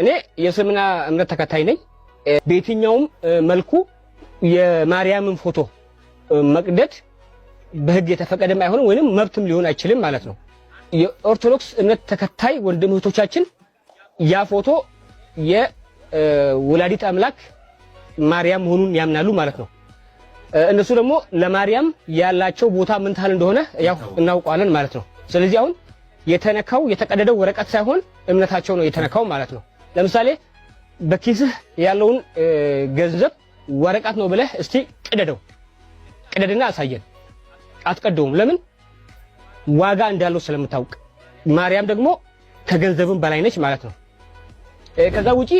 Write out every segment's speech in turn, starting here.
እኔ የእስልምና እምነት ተከታይ ነኝ። በየትኛውም መልኩ የማርያምን ፎቶ መቅደድ በህግ የተፈቀደም አይሆንም ወይንም መብትም ሊሆን አይችልም ማለት ነው። የኦርቶዶክስ እምነት ተከታይ ወንድም እህቶቻችን ያ ፎቶ የወላዲት አምላክ ማርያም መሆኑን ያምናሉ ማለት ነው። እነሱ ደግሞ ለማርያም ያላቸው ቦታ ምን ታህል እንደሆነ ያው እናውቀዋለን ማለት ነው። ስለዚህ አሁን የተነካው የተቀደደው ወረቀት ሳይሆን እምነታቸው ነው የተነካው ማለት ነው። ለምሳሌ በኪስህ ያለውን ገንዘብ ወረቀት ነው ብለህ እስቲ ቅደደው፣ ቅደድና አሳየን። አትቀደውም። ለምን? ዋጋ እንዳለው ስለምታውቅ። ማርያም ደግሞ ከገንዘብም በላይ ነች ማለት ነው። ከዛ ውጪ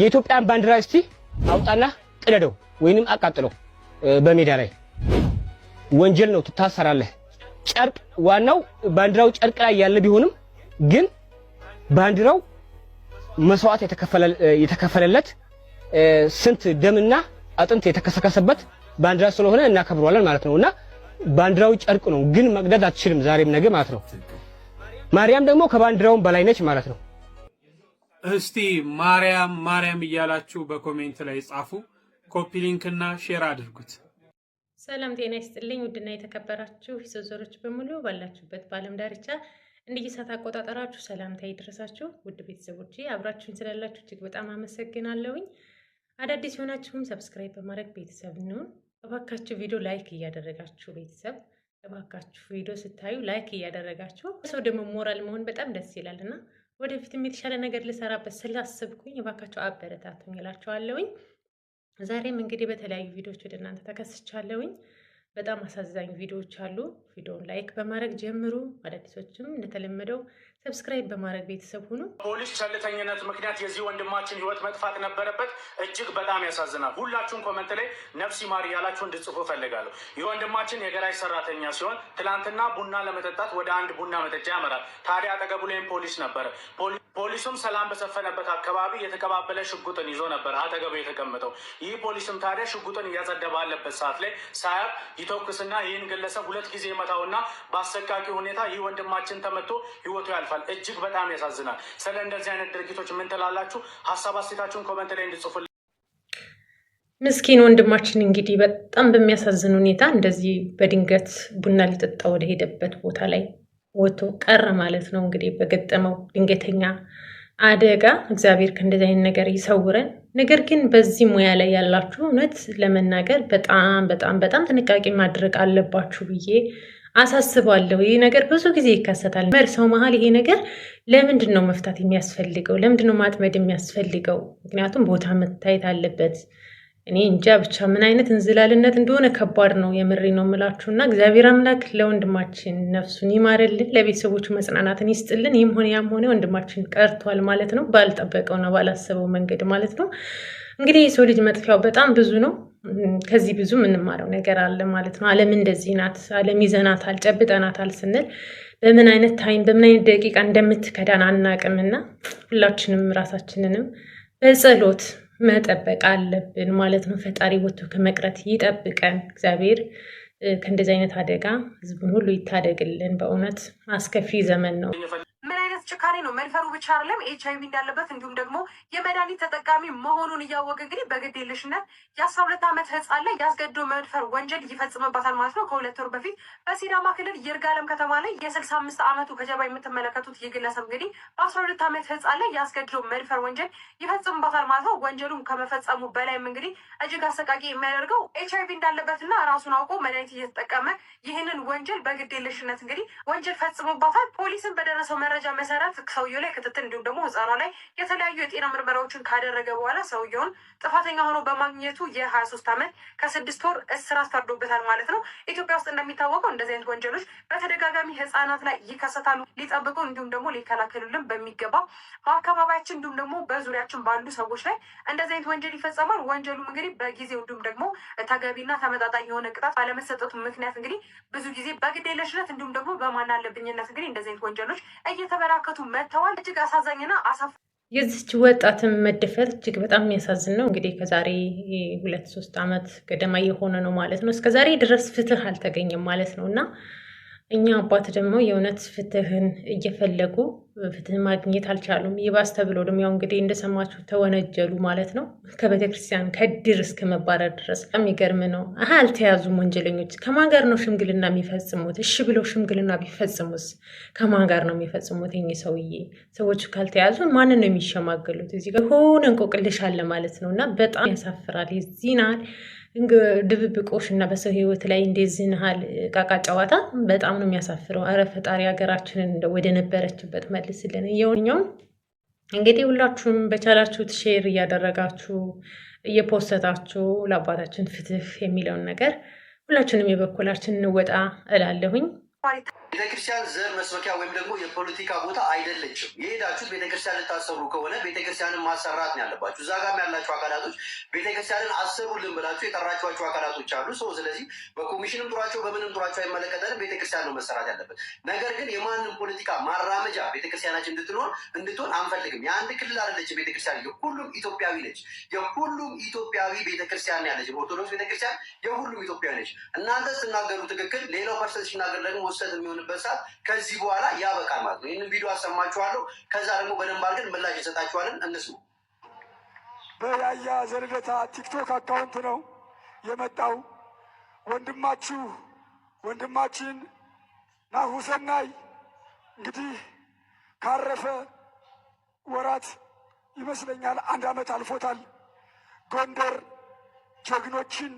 የኢትዮጵያን ባንዲራ እስቲ አውጣና ቅደደው ወይንም አቃጥለው በሜዳ ላይ ወንጀል ነው፣ ትታሰራለህ። ጨርቅ ዋናው ባንዲራው ጨርቅ ላይ ያለ ቢሆንም ግን ባንዲራው መስዋዕት የተከፈለለት ስንት ደምና አጥንት የተከሰከሰበት ባንዲራ ስለሆነ እናከብረዋለን ማለት ነው እና ባንዲራው ጨርቅ ነው፣ ግን መቅደድ አትችልም ዛሬም ነገ ማለት ነው። ማርያም ደግሞ ከባንዲራውም በላይ ነች ማለት ነው። እስቲ ማርያም ማርያም እያላችሁ በኮሜንት ላይ ጻፉ። ኮፒ ሊንክና ሼር አድርጉት። ሰላም ጤና ይስጥልኝ። ውድና የተከበራችሁ የሰው በሙሉ ባላችሁበት በዓለም ዳርቻ እንዲህ አቆጣጠራችሁ ሰላምታ ይድረሳችሁ። ውድ ቤተሰቦች አብራችሁን ስላላችሁ እጅግ በጣም አመሰግናለሁኝ። አዳዲስ የሆናችሁም ሰብስክራይብ በማድረግ ቤተሰብ እንሆን እባካችሁ። ቪዲዮ ላይክ እያደረጋችሁ ቤተሰብ እባካችሁ ቪዲዮ ስታዩ ላይክ እያደረጋችሁ ሰው ደግሞ ሞራል መሆን በጣም ደስ ይላል እና ወደፊትም የተሻለ ነገር ልሰራበት ስላስብኩኝ እባካችሁ አበረታቱኝ እላችኋለሁኝ። ዛሬም እንግዲህ በተለያዩ ቪዲዮዎች ወደ እናንተ ተከስቻለሁኝ። በጣም አሳዛኝ ቪዲዮዎች አሉ። ቪዲዮውን ላይክ በማድረግ ጀምሩ። አዳዲሶችም እንደተለመደው ሰብስክራይብ በማድረግ ቤተሰብ ሁኑ። ፖሊስ ቸልተኝነት ምክንያት የዚህ ወንድማችን ህይወት መጥፋት ነበረበት። እጅግ በጣም ያሳዝናል። ሁላችሁን ኮመንት ላይ ነፍሲ ማሪ ያላችሁ እንድጽፉ ፈልጋለሁ። ይህ ወንድማችን የገራጅ ሰራተኛ ሲሆን ትናንትና ቡና ለመጠጣት ወደ አንድ ቡና መጠጫ ያመራል። ታዲያ አጠገቡ ላይም ፖሊስ ነበረ። ፖሊሱም ሰላም በሰፈነበት አካባቢ የተቀባበለ ሽጉጥን ይዞ ነበር አጠገቡ የተቀመጠው። ይህ ፖሊስም ታዲያ ሽጉጥን እያጸደ ባለበት ሰዓት ላይ ሳያር ይተኩስና ይህን ግለሰብ ሁለት ጊዜ መታውና በአሰቃቂ ሁኔታ ይህ ወንድማችን ተመቶ ህይወቱ ያልፋል። ያልፋል። እጅግ በጣም ያሳዝናል። ስለ እንደዚህ አይነት ድርጊቶች የምንትላላችሁ ሀሳብ አስሴታችሁን ኮመንት ላይ እንድጽፉል ምስኪን ወንድማችን እንግዲህ በጣም በሚያሳዝን ሁኔታ እንደዚህ በድንገት ቡና ሊጠጣ ወደ ሄደበት ቦታ ላይ ወጥቶ ቀረ ማለት ነው። እንግዲህ በገጠመው ድንገተኛ አደጋ እግዚአብሔር ከእንደዚህ አይነት ነገር ይሰውረን። ነገር ግን በዚህ ሙያ ላይ ያላችሁ እውነት ለመናገር በጣም በጣም በጣም ጥንቃቄ ማድረግ አለባችሁ ብዬ አሳስባለሁ። ይህ ነገር ብዙ ጊዜ ይከሰታል። መር ሰው መሀል ይሄ ነገር ለምንድን ነው መፍታት የሚያስፈልገው? ለምንድን ነው ማጥመድ የሚያስፈልገው? ምክንያቱም ቦታ መታየት አለበት። እኔ እንጃ ብቻ ምን አይነት እንዝላልነት እንደሆነ ከባድ ነው። የምሬ ነው የምላችሁ እና እግዚአብሔር አምላክ ለወንድማችን ነፍሱን ይማረልን፣ ለቤተሰቦቹ መጽናናትን ይስጥልን። ይህም ሆነ ያም ሆነ ወንድማችን ቀርቷል ማለት ነው፣ ባልጠበቀውና ባላሰበው መንገድ ማለት ነው። እንግዲህ የሰው ልጅ መጥፊያው በጣም ብዙ ነው። ከዚህ ብዙ የምንማረው ነገር አለ ማለት ነው። ዓለም እንደዚህ ናት፣ ዓለም ይዘናታል፣ ጨብጠናታል ስንል በምን አይነት ታይም በምን አይነት ደቂቃ እንደምትከዳን አናቅም እና ሁላችንም ራሳችንንም በጸሎት መጠበቅ አለብን ማለት ነው። ፈጣሪ ወጥቶ ከመቅረት ይጠብቀን እግዚአብሔር ከእንደዚህ አይነት አደጋ ህዝቡን ሁሉ ይታደግልን። በእውነት አስከፊ ዘመን ነው። የሴት ጭካኔ ነው። መድፈሩ ብቻ አይደለም ኤች አይቪ እንዳለበት እንዲሁም ደግሞ የመድኃኒት ተጠቃሚ መሆኑን እያወቀ እንግዲህ በግዴለሽነት የአስራ ሁለት ዓመት ህፃን ላይ ያስገድዶ መድፈር ወንጀል ይፈጽምባታል ማለት ነው። ከሁለት ወር በፊት በሲዳማ ክልል ይርጋለም ከተማ ላይ የስልሳ አምስት ዓመቱ ከጀርባ የምትመለከቱት የግለሰብ እንግዲህ በአስራ ሁለት ዓመት ህፃን ላይ ያስገድዶ መድፈር ወንጀል ይፈጽምባታል ማለት ነው። ወንጀሉም ከመፈጸሙ በላይም እንግዲህ እጅግ አሰቃቂ የሚያደርገው ኤች አይቪ እንዳለበትና ራሱን አውቆ መድኃኒት እየተጠቀመ ይህንን ወንጀል በግዴለሽነት እንግዲህ ወንጀል ፈጽሞባታል። ፖሊስን በደረሰው መረጃ መሰ መሰረት ሰውየው ላይ ክትትል እንዲሁም ደግሞ ህፃኗ ላይ የተለያዩ የጤና ምርመራዎችን ካደረገ በኋላ ሰውየውን ጥፋተኛ ሆኖ በማግኘቱ የሀያ ሶስት ዓመት ከስድስት ወር እስራት አስፈርዶበታል ማለት ነው። ኢትዮጵያ ውስጥ እንደሚታወቀው እንደዚህ አይነት ወንጀሎች በተደጋጋሚ ህፃናት ላይ ይከሰታሉ። ሊጠብቁ እንዲሁም ደግሞ ሊከላከሉልን በሚገባ በአካባቢያችን እንዲሁም ደግሞ በዙሪያችን ባሉ ሰዎች ላይ እንደዚህ አይነት ወንጀል ይፈጸማል። ወንጀሉም እንግዲህ በጊዜው እንዲሁም ደግሞ ተገቢና ተመጣጣኝ የሆነ ቅጣት ባለመሰጠቱ ምክንያት እንግዲህ ብዙ ጊዜ በግዴለሽነት እንዲሁም ደግሞ በማናለብኝነት እንግዲህ እንደዚህ አይነት ወንጀሎች እየተበራ እየተበራከቱ መጥተዋል። እጅግ አሳዛኝና አሳፍ የዚች ወጣትን መደፈር እጅግ በጣም የሚያሳዝን ነው። እንግዲህ ከዛሬ ሁለት ሶስት ዓመት ገደማ የሆነ ነው ማለት ነው። እስከዛሬ ድረስ ፍትህ አልተገኘም ማለት ነው እና እኛ አባት ደግሞ የእውነት ፍትህን እየፈለጉ ፍትህ ማግኘት አልቻሉም። ይባስ ተብሎ ደግሞ ያው እንግዲህ እንደሰማችሁ ተወነጀሉ ማለት ነው። ከቤተክርስቲያን ከድር እስከ መባረር ድረስ የሚገርም ነው። አሀ አልተያዙም። ወንጀለኞች ከማን ጋር ነው ሽምግልና የሚፈጽሙት? እሺ ብለው ሽምግልና ቢፈጽሙስ ከማን ጋር ነው የሚፈጽሙት? እኚህ ሰውዬ ሰዎቹ ካልተያዙ ማንን ነው የሚሸማገሉት? እዚህ ጋር ሆነ እንቆቅልሽ አለ ማለት ነው። እና በጣም ያሳፍራል። የዚናል ድብብቆሽ እና በሰው ህይወት ላይ እንደዚህ ናሃል ቃቃ ጨዋታ በጣም ነው የሚያሳፍረው። አረ ፈጣሪ ሀገራችንን ወደ ነበረችበት መልስልን። የሆኛው እንግዲህ ሁላችሁም በቻላችሁት ሼር እያደረጋችሁ እየፖሰታችሁ ለአባታችን ፍትህ የሚለውን ነገር ሁላችንም የበኩላችን እንወጣ እላለሁኝ። ቤተክርስቲያን ዘር መስበኪያ ወይም ደግሞ የፖለቲካ ቦታ አይደለችም። የሄዳችሁት ቤተክርስቲያን ልታሰሩ ከሆነ ቤተክርስቲያንን ማሰራት ነው ያለባችሁ። እዛ ጋም ያላችሁ አካላቶች ቤተክርስቲያንን አሰሩልን ብላችሁ የጠራችኋቸው አካላቶች አሉ። ሰው ስለዚህ በኮሚሽንም ጥሯቸው፣ በምንም ጥሯቸው አይመለከተንም። ቤተክርስቲያን ነው መሰራት ያለበት። ነገር ግን የማንም ፖለቲካ ማራመጃ ቤተክርስቲያናችን እንድትኖር እንድትሆን አንፈልግም። የአንድ ክልል አይደለችም ቤተክርስቲያን፣ የሁሉም ኢትዮጵያዊ ነች። የሁሉም ኢትዮጵያዊ ቤተክርስቲያን ያለች ኦርቶዶክስ ቤተክርስቲያን የሁሉም ኢትዮጵያዊ ነች። እናንተ ስናገሩ ትክክል፣ ሌላው ፐርሰንት ሲናገር ደግሞ ወሰድ የሚሆን በምንሆንበት ሰዓት ከዚህ በኋላ ያበቃል ማለት ነው። ይህንን ቪዲዮ አሰማችኋለሁ። ከዛ ደግሞ በደንብ አድርገን ምላሽ ይሰጣችኋለን። እንስሙ። በያያ ዘርደታ ቲክቶክ አካውንት ነው የመጣው ወንድማችሁ ወንድማችን ናሁ ሰናይ እንግዲህ ካረፈ ወራት ይመስለኛል አንድ ዓመት አልፎታል። ጎንደር ጀግኖችን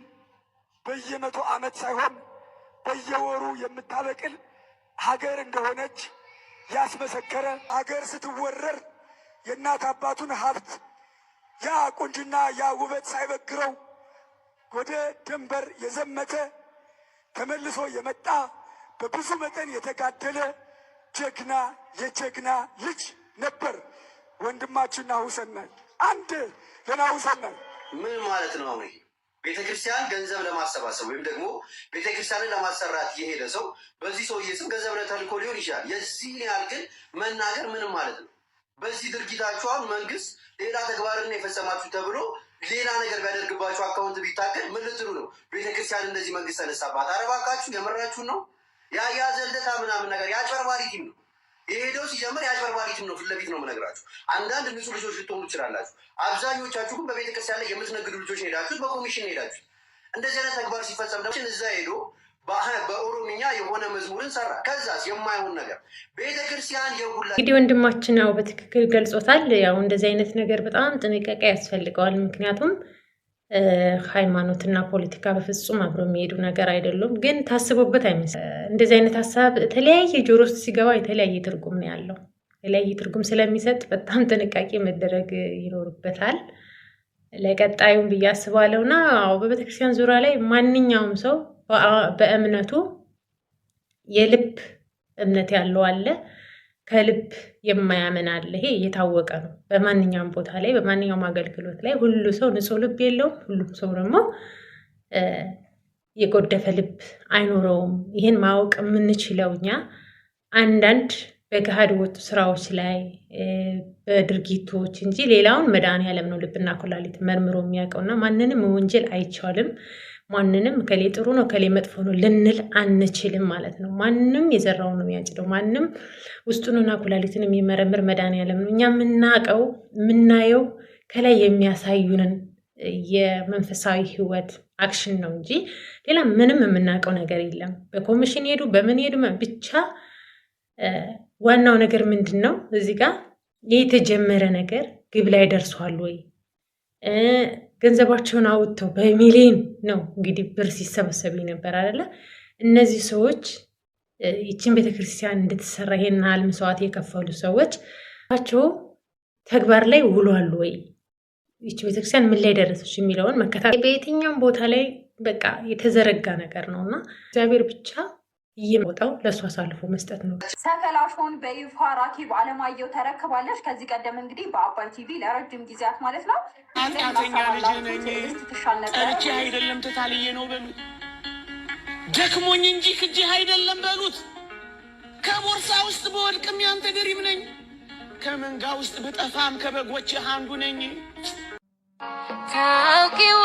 በየመቶ ዓመት ሳይሆን በየወሩ የምታበቅል ሀገር እንደሆነች ያስመሰከረ ሀገር ስትወረር የእናት አባቱን ሀብት ያ ቁንጅና ያ ውበት ሳይበግረው ወደ ድንበር የዘመተ ተመልሶ የመጣ በብዙ መጠን የተጋደለ ጀግና የጀግና ልጅ ነበር ወንድማችን ናሁሰናይ። አንድ ለናሁሰናይ ምን ማለት ነው? ቤተክርስቲያን ገንዘብ ለማሰባሰብ ወይም ደግሞ ቤተክርስቲያንን ለማሰራት የሄደ ሰው በዚህ ሰውዬ ስም ገንዘብ ለተልኮ ሊሆን ይችላል። የዚህን ያህል ግን መናገር ምንም ማለት ነው። በዚህ ድርጊታችሁ መንግስት ሌላ ተግባርና የፈጸማችሁ ተብሎ ሌላ ነገር ቢያደርግባችሁ አካውንት ቢታገል ምን ልትሉ ነው? ቤተክርስቲያን እንደዚህ መንግስት ተነሳባት። አረባካችሁ የመራችሁን ነው ያ ዘልደታ ምናምን ነገር ያጨርባሪ ነው የሄደው ሲጀምር የአጭበርባሪትም ነው። ፊት ነው የምነግራችሁ። አንዳንድ ንጹህ ልጆች ልትሆኑ ትችላላችሁ። አብዛኞቻችሁ ግን በቤተ ክርስቲያን ላይ የምትነግዱ ልጆች ሄዳችሁት፣ በኮሚሽን ሄዳችሁት። እንደዚህ አይነት ተግባር ሲፈጸም ደግሞ እዛ ሄዶ በኦሮምኛ የሆነ መዝሙርን ሰራ። ከዛስ የማይሆን ነገር ቤተ ክርስቲያን የሁላ እንግዲህ ወንድማችን ያው በትክክል ገልጾታል። ያው እንደዚህ አይነት ነገር በጣም ጥንቃቄ ያስፈልገዋል። ምክንያቱም ሃይማኖትና ፖለቲካ በፍጹም አብሮ የሚሄዱ ነገር አይደሉም። ግን ታስቦበት አይመስል እንደዚህ አይነት ሀሳብ የተለያየ ጆሮ ውስጥ ሲገባ የተለያየ ትርጉም ነው ያለው። የተለያየ ትርጉም ስለሚሰጥ በጣም ጥንቃቄ መደረግ ይኖርበታል። ለቀጣዩም ብዬ አስባለሁ እና በቤተክርስቲያን ዙሪያ ላይ ማንኛውም ሰው በእምነቱ የልብ እምነት ያለው አለ ከልብ የማያምን አለ። ይሄ እየታወቀ ነው። በማንኛውም ቦታ ላይ በማንኛውም አገልግሎት ላይ ሁሉ ሰው ንጹሕ ልብ የለውም። ሁሉም ሰው ደግሞ የጎደፈ ልብ አይኖረውም። ይህን ማወቅ የምንችለው እኛ አንዳንድ በገሃድ ወጡ ስራዎች ላይ በድርጊቶች እንጂ ሌላውን መድኃኔዓለም ነው ልብና ኩላሊት መርምሮ የሚያውቀውእና ማንንም ወንጀል አይቻልም። ማንንም ከሌ ጥሩ ነው ከሌ መጥፎ ነው ልንል አንችልም ማለት ነው። ማንም የዘራውን ነው የሚያጭደው። ማንም ውስጡንና ኩላሊትን የሚመረምር መድኃኒዓለም ነው። እኛ የምናውቀው የምናየው ከላይ የሚያሳዩንን የመንፈሳዊ ህይወት አክሽን ነው እንጂ ሌላ ምንም የምናውቀው ነገር የለም። በኮሚሽን ሄዱ በምን ሄዱ ብቻ ዋናው ነገር ምንድን ነው? እዚህ ጋር የተጀመረ ነገር ግብ ላይ ደርሷል ወይ ገንዘባቸውን አውጥተው በሚሊዮን ነው እንግዲህ ብር ሲሰበሰብ ነበር አይደለ? እነዚህ ሰዎች ይችን ቤተክርስቲያን እንድትሰራ ይሄን ያህል መስዋዕት የከፈሉ ሰዎች ቸው ተግባር ላይ ውሏል ወይ? ይች ቤተክርስቲያን ምን ላይ ደረሰች የሚለውን መከታተል በየትኛውም ቦታ ላይ በቃ የተዘረጋ ነገር ነው እና እግዚአብሔር ብቻ እየመጣው ለእሱ አሳልፎ መስጠት ነው። ሰፈላሾን በይፋ ራኪብ አለማየሁ ተረክባለች። ከዚህ ቀደም እንግዲህ በአባይ ቲቪ ለረጅም ጊዜያት ማለት ነው ኃጢአተኛ ልጅ ጠልቼ አይደለም ተታልዬ ነው በሉት፣ ደክሞኝ እንጂ ክጄ አይደለም በሉት። ከቦርሳ ውስጥ በወድቅም ያንተ ድሪም ነኝ፣ ከመንጋ ውስጥ ብጠፋም ከበጎች አንዱ ነኝ ታውቂዋ